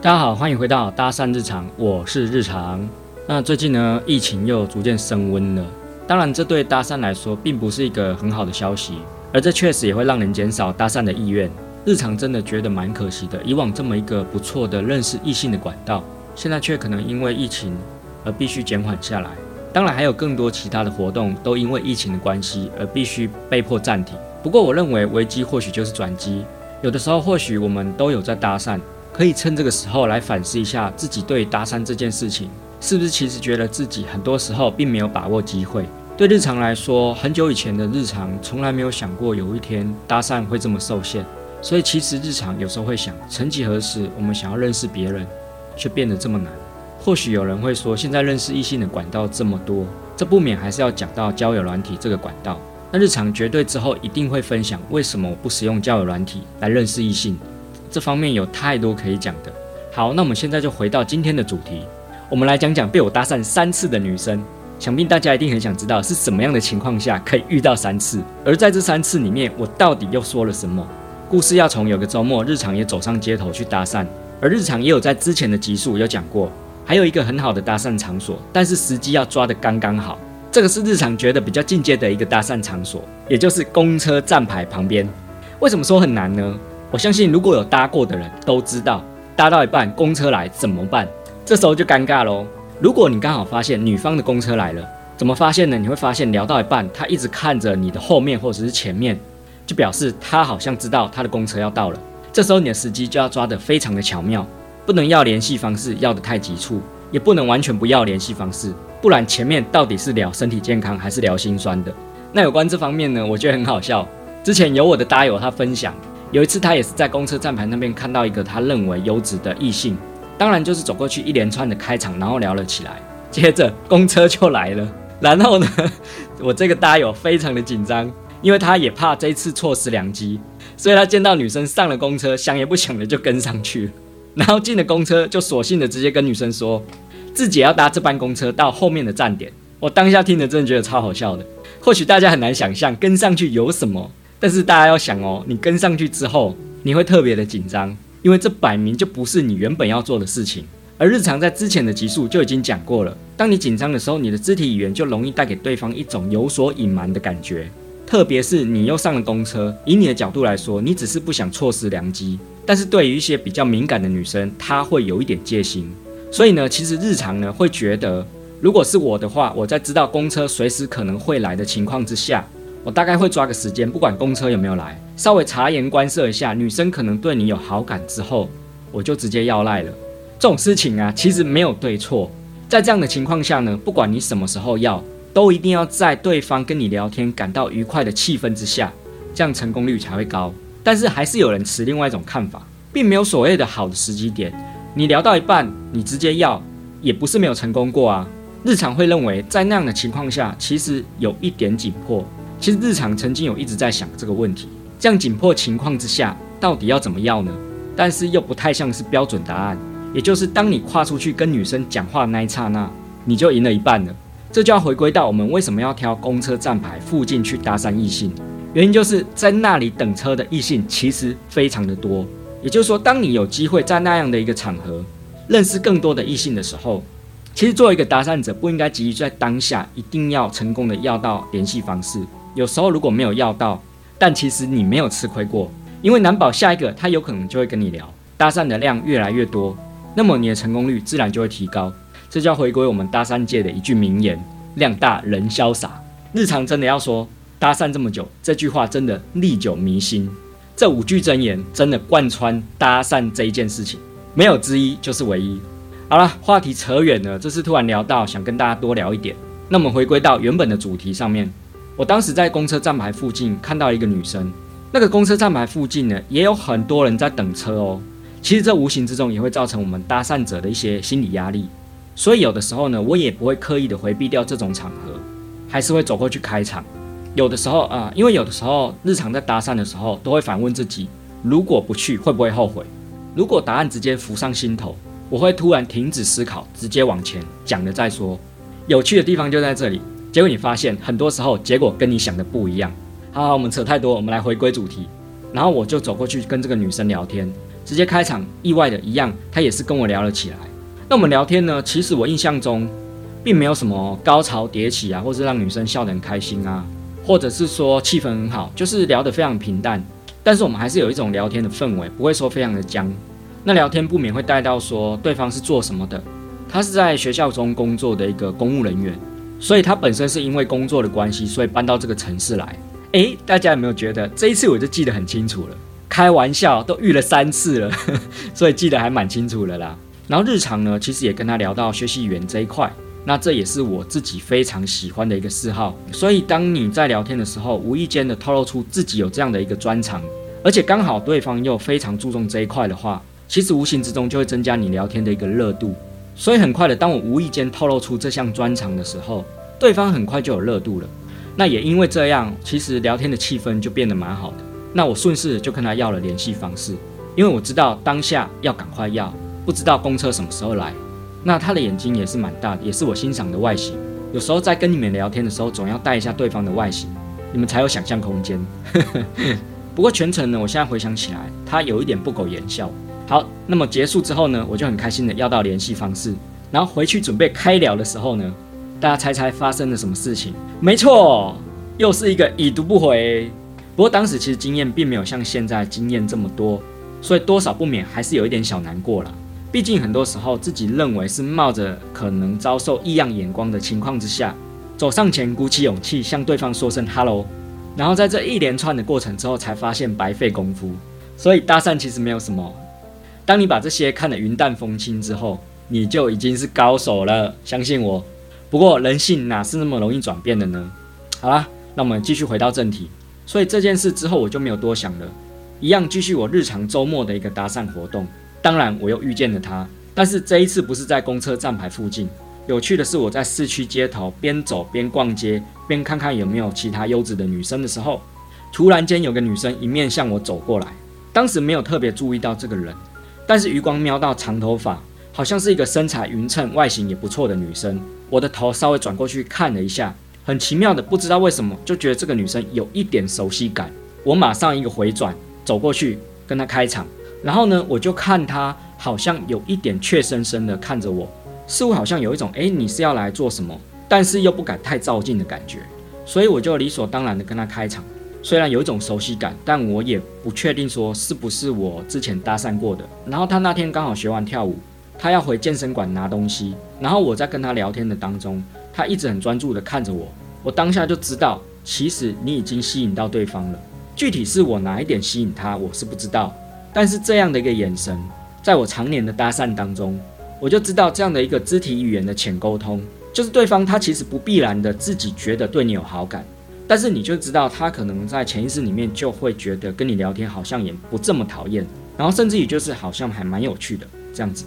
大家好，歡迎回到搭訕日常，我是日常。那最近呢，疫情又逐漸升溫了，當然這對搭訕來說並不是一個很好的消息，而這確實也會讓人減少搭訕的意願。日常真的覺得蠻可惜的，以往這麼一個不錯的認識異性的管道，現在卻可能因為疫情，而必須減緩下來。當然，還有更多其他的活動都因為疫情的關係而必須被迫暫停。不過，我認為危機或許就是轉機。有的時候，或許我們都有在搭訕，可以趁這個時候來反思一下自己對搭訕這件事情，是不是其實覺得自己很多時候並沒有把握機會。對日常來說，很久以前的日常，從來沒有想過有一天搭訕會這麼受限。所以，其實日常有時候會想，曾幾何時，我們想要認識別人，卻變得這麼難。或許有人會說，現在認識異性的管道這麼多，這不免還是要講到交友軟體這個管道。那日常絕對之後一定會分享為什麼我不使用交友軟體來認識異性，這方面有太多可以講的。好，那我們現在就回到今天的主題，我們來講講被我搭訕三次的女生。想必大家一定很想知道是什麼樣的情況下可以遇到三次，而在這三次裡面，我到底又說了什麼？故事要從有個週末，日常也走上街頭去搭訕，而日常也有在之前的集數有講過。還有一個很好的搭訕場所，但是時機要抓得剛剛好。這個是日常覺得比較進階的一個搭訕場所，也就是公車站牌旁邊。為什麼說很難呢？我相信如果有搭過的人都知道，搭到一半公車來怎麼辦？這時候就尷尬嘍。如果你剛好發現女方的公車來了，怎麼發現呢？你會發現聊到一半，她一直看着你的後面或者是前面，就表示她好像知道她的公車要到了。這時候你的時機就要抓得非常的巧妙。不能要聯繫方式，要得太急促，也不能完全不要聯繫方式，不然前面到底是聊身體健康還是聊心酸的？那有關這方面呢，我覺得很好笑。之前有我的搭友他分享，有一次他也是在公車站牌那邊看到一個他認為優質的異性，當然就是走過去一連串的開場，然後聊了起來，接着公車就來了，然後呢，我這個搭友非常的緊張，因為他也怕這次錯失良機，所以他見到女生上了公車，想也不想的就跟上去了。然後進了公車，就索性的直接跟女生說自己要搭這班公車到後面的站點。我當下聽得真的覺得超好笑的。或許大家很難想象跟上去有什麼，但是大家要想哦，你跟上去之後，你會特別的緊張，因為這擺明就不是你原本要做的事情。而日常在之前的集數就已經講過了，當你緊張的時候，你的肢體語言就容易帶給對方一種有所隱瞞的感覺。特別是你又上了公車，以你的角度來說，你只是不想錯失良機。但是對於一些比較敏感的女生，她會有一點戒心，所以呢，其實日常呢會覺得，如果是我的話，我在知道公車隨時可能會來的情況之下，我大概會抓個時間，不管公車有沒有來，稍微察言觀色一下，女生可能對你有好感之後，我就直接要賴了。這種事情啊，其實沒有對錯，在這樣的情況下呢，不管你什麼時候要，都一定要在對方跟你聊天感到愉快的氣氛之下，這樣成功率才會高。但是還是有人持另外一種看法，並沒有所謂的好的時機點。你聊到一半，你直接要，也不是沒有成功過啊。日常會認為，在那樣的情況下，其實有一點緊迫。其實日常曾經有一直在想這個問題：這樣緊迫情況之下，到底要怎麼要呢？但是又不太像是標準答案。也就是當你跨出去跟女生講話的那一剎那，你就贏了一半了。這就要回歸到我們為什麼要挑公車站牌附近去搭訕異性。原因就是在那裡等車的異性其實非常的多，也就是說，當你有機會在那樣的一個場合認識更多的異性的時候，其實作為一個搭訕者，不應該急於在當下一定要成功的要到聯繫方式。有時候如果沒有要到，但其實你沒有吃虧過，因為難保下一個他有可能就會跟你聊。搭訕的量越來越多，那麼你的成功率自然就會提高。這叫回歸我們搭訕界的一句名言：量大人瀟灑。日常真的要說。搭訕這麼久，這句話真的歷久彌新。這五句真言真的貫穿搭訕這一件事情，沒有之一，就是唯一。好了，話題扯遠了，這次突然聊到，想跟大家多聊一點。那麼回歸到原本的主題上面。我當時在公車站牌附近看到一個女生，那個公車站牌附近呢，也有很多人在等車哦。其實這無形之中也會造成我們搭訕者的一些心理壓力，所以有的時候呢，我也不會刻意的回避掉這種場合，還是會走過去開場。有的時候啊，呃，因為有的時候日常在搭訕的時候，都會反問自己：如果不去會不會後悔？如果答案直接浮上心頭，我會突然停止思考，直接往前講了再說。有趣的地方就在這裡。結果你發現，很多時候結果跟你想的不一樣。好，好，我們扯太多，我們來回歸主題。然後我就走過去跟這個女生聊天，直接開場，意外的一樣，她也是跟我聊了起來。那我們聊天呢？其實我印象中，並沒有什麼高潮迭起啊，或是讓女生笑得很開心啊。或者是說氣氛很好，就是聊得非常平淡，但是我們還是有一種聊天的氛圍，不會說非常的僵。那聊天不免會帶到說對方是做什麼的，他是在學校中工作的一個公務人員，所以他本身是因為工作的關係，所以搬到這個城市來。誒，大家有沒有覺得這一次我就記得很清楚了？開玩笑，都遇了三次了呵呵，所以記得還蠻清楚的啦。然後日常呢，其實也跟他聊到學習語言這一塊。那這也是我自己非常喜歡的一個嗜好，所以當你在聊天的時候，無意間的透露出自己有這樣的一個專長，而且剛好對方又非常注重這一塊的話，其實無形之中就會增加你聊天的一個熱度。所以很快的，當我無意間透露出這項專長的時候，對方很快就有熱度了。那也因為這樣，其實聊天的氣氛，就變得蠻好的。那我順勢就跟他要了聯繫方式，因為我知道當下要趕快要，不知道公車什麼時候來。那他的眼睛也是蠻大的，也是我欣賞的外形。有時候在跟你們聊天的時候，總要帶一下對方的外形，你們才有想象空間。 不過全程呢，我現在回想起來，他有一點不苟言笑。好，那麼結束之後呢，我就很開心地要到聯繫方式，然後回去準備開聊的時候呢，大家猜猜發生了什麼事情？沒錯，又是一個已讀不回。不過當時其實經驗並沒有像現在經驗這麼多，所以多少不免還是有一點小難過了。畢竟很多時候，自己認為是冒着可能遭受異樣眼光的情況之下，走上前鼓起勇氣向對方說聲 Hello，然後在這一連串的過程之後，才發現白費功夫。所以搭訕其實沒有什麼。當你把這些看得雲淡風輕之後，你就已經是高手了。相信我。不過人性哪是那麼容易轉變的呢？好啦，那我們繼續回到正題。所以這件事之後，我就沒有多想了，一樣繼續我日常周末的一個搭訕活動。當然，我又遇見了她，但是這一次不是在公車站牌附近。有趣的是，我在市區街頭邊走邊逛街，邊看看有沒有其他優質的女生的時候，突然間有個女生迎面向我走過來。當時沒有特別注意到這個人，但是余光瞄到長頭髮，好像是一個身材勻稱、外形也不錯的女生。我的頭稍微轉過去看了一下，很奇妙的，不知道為什麼就覺得這個女生有一點熟悉感。我馬上一個回轉，走過去跟她開場。然後呢，我就看他好像有一點怯生生的看着我，似乎好像有一種哎，你是要來做什麼？但是又不敢太躁進的感覺。所以我就理所當然的跟他開場，雖然有一種熟悉感，但我也不確定說是不是我之前搭訕過的。然後他那天剛好學完跳舞，他要回健身館拿東西，然後我在跟他聊天的當中，他一直很專注的看着我，我當下就知道，其實你已經吸引到對方了。具體是我哪一點吸引他，我是不知道。但是這樣的一個眼神，在我常年的搭訕當中，我就知道這樣的一個肢體語言的潛溝通，就是對方他其實不必然的自己覺得對你有好感，但是你就知道他可能在潛意識裡面就會覺得跟你聊天好像也不這麼討厭，然後甚至於就是好像還蠻有趣的這樣子。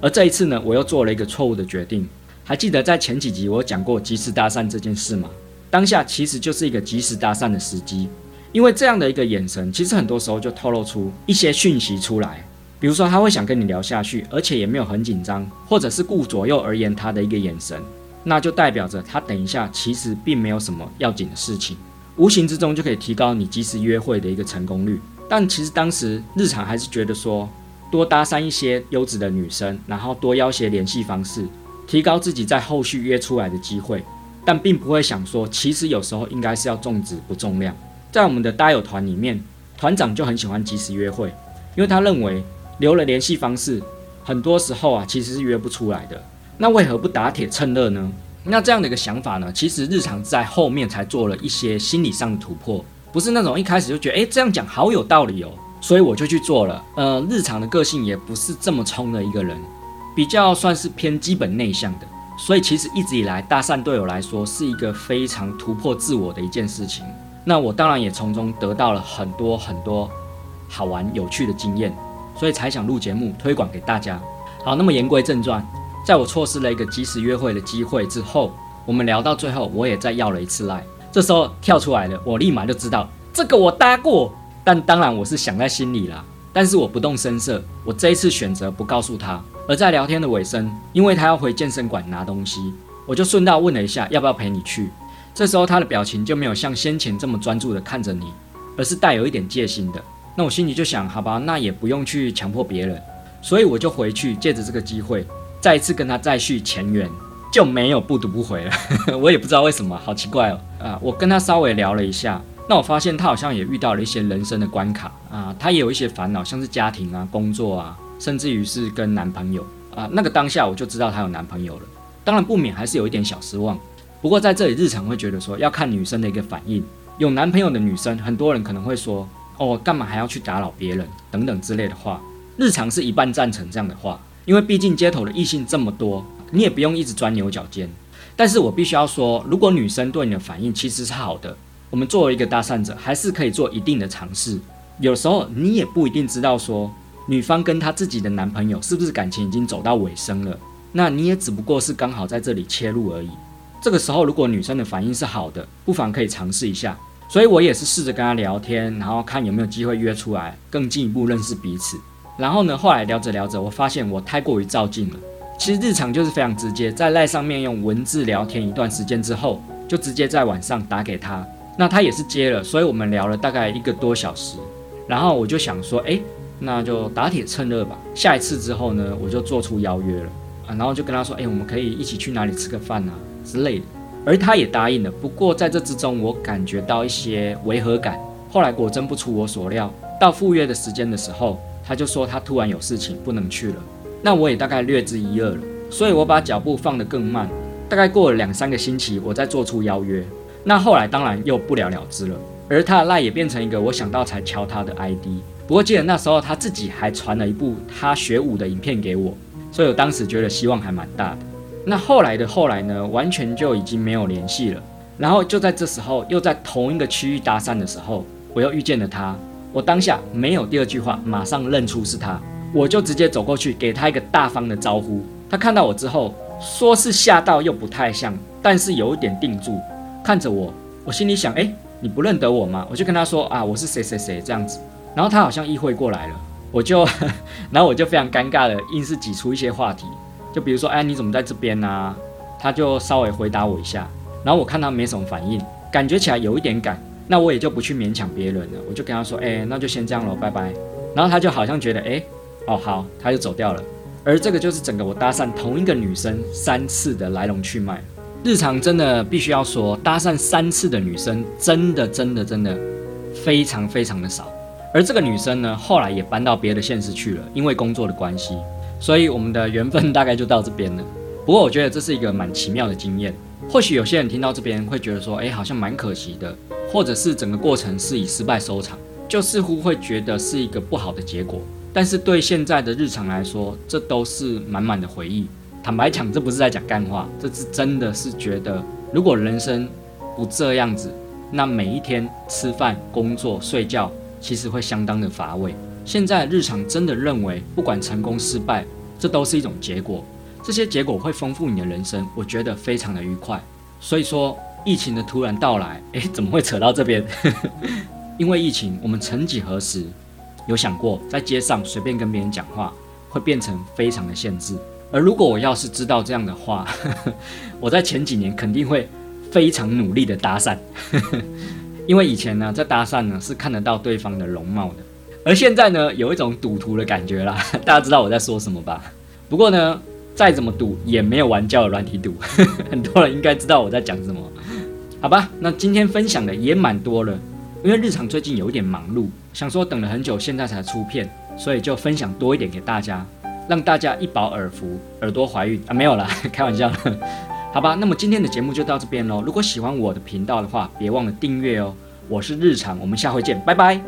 而這一次呢，我又做了一個錯誤的決定。還記得在前幾集我講過即時搭訕這件事嗎？當下其實就是一個即時搭訕的時機。因為這樣的一個眼神，其實很多時候就透露出一些訊息出來。比如說，他會想跟你聊下去，而且也沒有很緊張，或者是顧左右而言他的一個眼神，那就代表着他等一下其實並沒有什麼要緊的事情。無形之中就可以提高你即時約會的一個成功率。但其實當時日常還是覺得說，多搭訕一些優質的女生，然後多要些聯繫方式，提高自己在後續約出來的機會。但並不會想說，其實有時候應該是要重質不重量。在我們的搭友團裡面，團長就很喜歡即時約會，因為他認為留了聯繫方式，很多時候啊其實是約不出來的。那為何不打鐵趁熱呢？那這樣的一個想法呢，其實日常在後面才做了一些心理上的突破，不是那種一開始就覺得哎，這樣講好有道理哦，所以我就去做了。呃，日常的個性也不是這麼衝的一個人，比較算是偏基本內向的，所以其實一直以來搭訕對我來說是一個非常突破自我的一件事情。那我當然也從中得到了很多很多好玩有趣的經驗，所以才想錄節目推廣給大家。好，那麼言歸正傳，在我錯失了一個即時約會的機會之後，我們聊到最後，我也再要了一次賴，這時候跳出來了，我立馬就知道這個我搭過，但當然我是想在心裡啦，但是我不動聲色，我這一次選擇不告訴他。而在聊天的尾聲，因為他要回健身館拿東西，我就順道問了一下要不要陪你去。這時候他的表情就沒有像先前這麼專注地看着你，而是帶有一點戒心的。那我心裡就想，好吧，那也不用去強迫別人，所以我就回去借着這個機會，再一次跟他再續前緣，就沒有不讀不回了。 我也不知道為什麼，好奇怪哦。啊，我跟他稍微聊了一下，那我發現他好像也遇到了一些人生的關卡啊，他也有一些煩惱，像是家庭啊、工作啊，甚至於是跟男朋友啊。那個當下我就知道他有男朋友了，當然不免還是有一點小失望。不過在這裡日常會覺得說要看女生的一個反應。有男朋友的女生，很多人可能會說哦，幹嘛還要去打擾別人等等之類的話。日常是一半贊成這樣的話，因為畢竟街頭的異性這麼多，你也不用一直鑽牛角尖。但是我必須要說，如果女生對你的反應其實是好的，我們作為一個搭訕者，還是可以做一定的嘗試。有時候你也不一定知道說女方跟她自己的男朋友是不是感情已經走到尾聲了，那你也只不過是剛好在這裡切入而已。這個時候，如果女生的反應是好的，不妨可以嘗試一下。所以我也是試着跟她聊天，然後看有沒有機會約出來，更進一步認識彼此。然後呢，後來聊着聊着，我發現我太過於照鏡了。其實日常就是非常直接，在賴上面用文字聊天一段時間之後，就直接在晚上打給她，那她也是接了，所以我們聊了大概一個多小時。然後我就想說，哎，那就打鐵趁熱吧。下一次之後呢，我就做出邀約了啊，然後就跟她說，哎，我們可以一起去哪裡吃個飯呢，啊？之類的，而他也答應了。不過在這之中，我感覺到一些違和感。後來果真不出我所料，到赴約的時間的時候，他就說他突然有事情不能去了。那我也大概略知一二了，所以我把腳步放得更慢。大概過了兩三個星期，我再做出邀約。那後來當然又不了了之了。而他的賴也變成一個我想到才敲他的 ID。不過記得那時候他自己還傳了一部他學舞的影片給我，所以我當時覺得希望還蠻大的。那後來的後來呢，完全就已經沒有聯繫了。然後就在這時候，又在同一個區域搭訕的時候，我又遇見了他。我當下沒有第二句話，馬上認出是他，我就直接走過去，給他一個大方的招呼。他看到我之後，說是嚇到，又不太像，但是有一點定住，看着我。我心裡想，哎，你不認得我嗎？我就跟他說啊，我是誰誰誰這樣子。然後他好像意會過來了，我就呵呵，然後我就非常尷尬的，硬是擠出一些話題。就比如說，哎，你怎麼在這邊呢？他就稍微回答我一下，然後我看他沒什麼反應，感覺起來有一點趕，那我也就不去勉強別人了，我就跟他說，哎，那就先這樣了，拜拜。然後他就好像覺得，哎，哦好，他就走掉了。而這個就是整個我搭訕同一個女生三次的來龍去脈。日常真的必須要說，搭訕三次的女生真的真的真的非常非常的少。而這個女生呢，後來也搬到別的縣市去了，因為工作的關係。所以我們的緣分大概就到這邊了。不過我覺得這是一個蠻奇妙的經驗。或許有些人聽到這邊會覺得說，誒，好像蠻可惜的，或者是整個過程是以失敗收場，就似乎會覺得是一個不好的結果。但是對現在的日常來說，這都是滿滿的回憶。坦白講，這不是在講幹話，這是真的是覺得，如果人生不這樣子，那每一天吃飯、工作、睡覺，其實會相當的乏味。現在日常真的認為，不管成功失敗，這都是一種結果。這些結果會豐富你的人生，我覺得非常的愉快。所以說，疫情的突然到來，誒，怎麼會扯到這邊？ 因為疫情，我們曾幾何時有想過，在街上隨便跟別人講話，會變成非常的限制。而如果我要是知道這樣的話， 我在前幾年肯定會非常努力的搭訕， 因為以前呢，在搭訕呢是看得到對方的容貌的。而現在呢，有一種賭徒的感覺啦，大家知道我在說什麼吧？不過呢，再怎麼賭也沒有玩交友軟體賭， 很多人應該知道我在講什麼，好吧？那今天分享的也蠻多了，因為日常最近有一點忙碌，想說等了很久，現在才出片，所以就分享多一點給大家，讓大家一飽耳福，耳朵懷孕啊？沒有啦，開玩笑了。好吧，那麼今天的節目就到這邊嘍。如果喜歡我的頻道的話，別忘了訂閱哦。我是日常，我們下回見，拜拜。